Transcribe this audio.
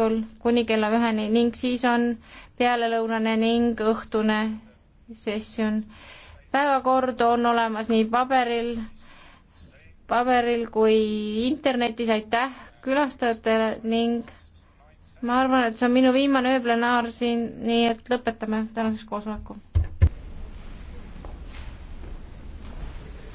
hommikul kuni kella üheni ning siis on pealelõunane ning õhtune sessioon. päevakord on olemas nii paberil, paberil kui internetis, aitäh külastajatele ning ma arvan, et see on minu viimane ööplenaar siin, nii et lõpetame tänaseks koosoleku